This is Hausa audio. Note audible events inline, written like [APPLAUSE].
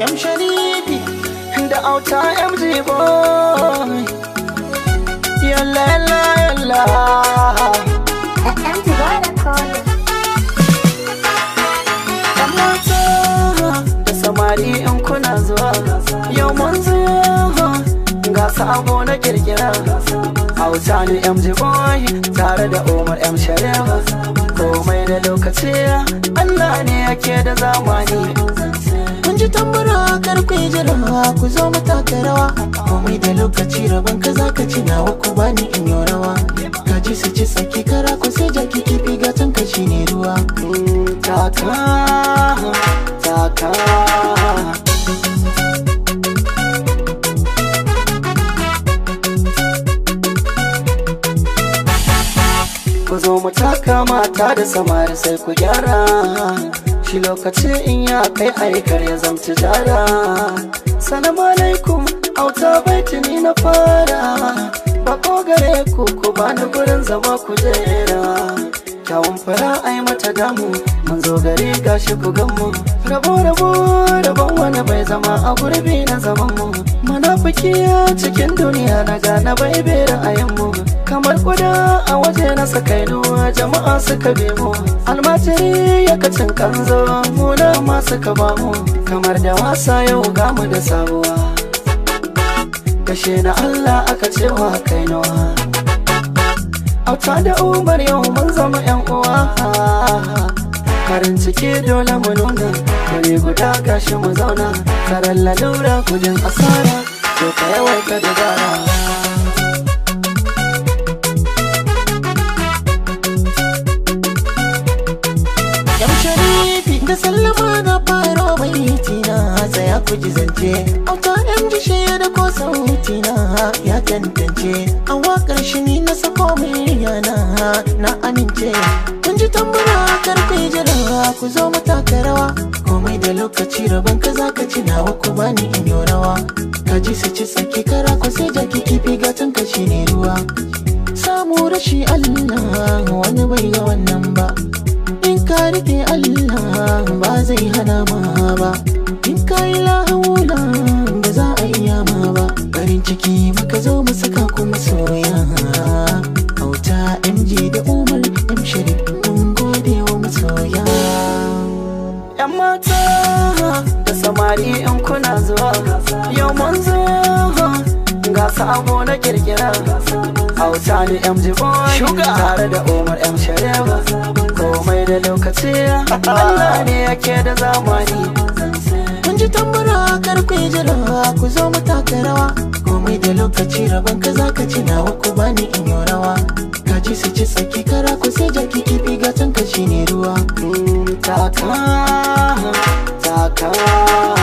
Yam Sharifi da auta yam zibo Yalla yalla yalla Yam zibo da kone Yam mata da samari in kuna zuwa Yau mun zuwa ga sabo na kirkira Auta ne yam zibo tare da Umar yam Sharifa Komai da lokaci Allah ne yake da zamani ji tambura kar ku yi jira ku zo mu taka rawa komai da lokaci rabon ka za ka ci nawa ku bani in yi rawa ji su ci saki kara ku sai jaki kifi gatan ka shi ne ruwa mm, taka taka Ku zo mu taka mata da samari sai ku gyara Ci lokaci in ya kai aikar ya zamci jara salamu alaikum auta tuni na fara bako gare ku ku bani gurin zama ku jera kyawun fara ai mata damu mun zo gari gashi ku gamu rabo rabo rabon wani bai zama a gurbi na zaman mu munafiki cikin duniya na gana bai bera a kamar kuda a waje na sakaino jama'a suka be mu almajiri ya kacin kanzo muna ma suka ba mu kamar da wasa yau gamu da sabuwa kashe na Allah aka ce wa nawa auta da umar yau mun zama yan uwa karin ciki dole mu nuna kare guda gashi mu zauna Karalla lalura gudun asara to ka yawaita dabara na faro baiti na tsaya ku ji zance auta yan ya da ko sauti na ya tantance an wakar shi ni na sako mai yana na amince kun ji tambara karfe jira ku zo mataka rawa komai da lokaci rabon ka za ka ci nawa ku bani in yi rawa ka ji su ci saki kara ku sai jaki kifi gatan ka shi ne ruwa samu rashi Allah ba in ka yi la'aula ba za a iya ma ba farin ciki maka zo mu saka kuma soya auta mj da umar m sharif mun gode wa masoya yan mata da samari in kuna zuwa yau mun zo ga sabo na kirkira hausa ni mj boy tare da umar m shareba komai da lokaci [LAUGHS] allah ne yake da zamani kun ji tambara kar ku jira ku zo mu taka rawa komai da lokaci rabon ka zaka ci nawa ku bani in yi rawa kaji su ci tsaki kara ku sai jaki kifi ka shine ruwa mm, taka taka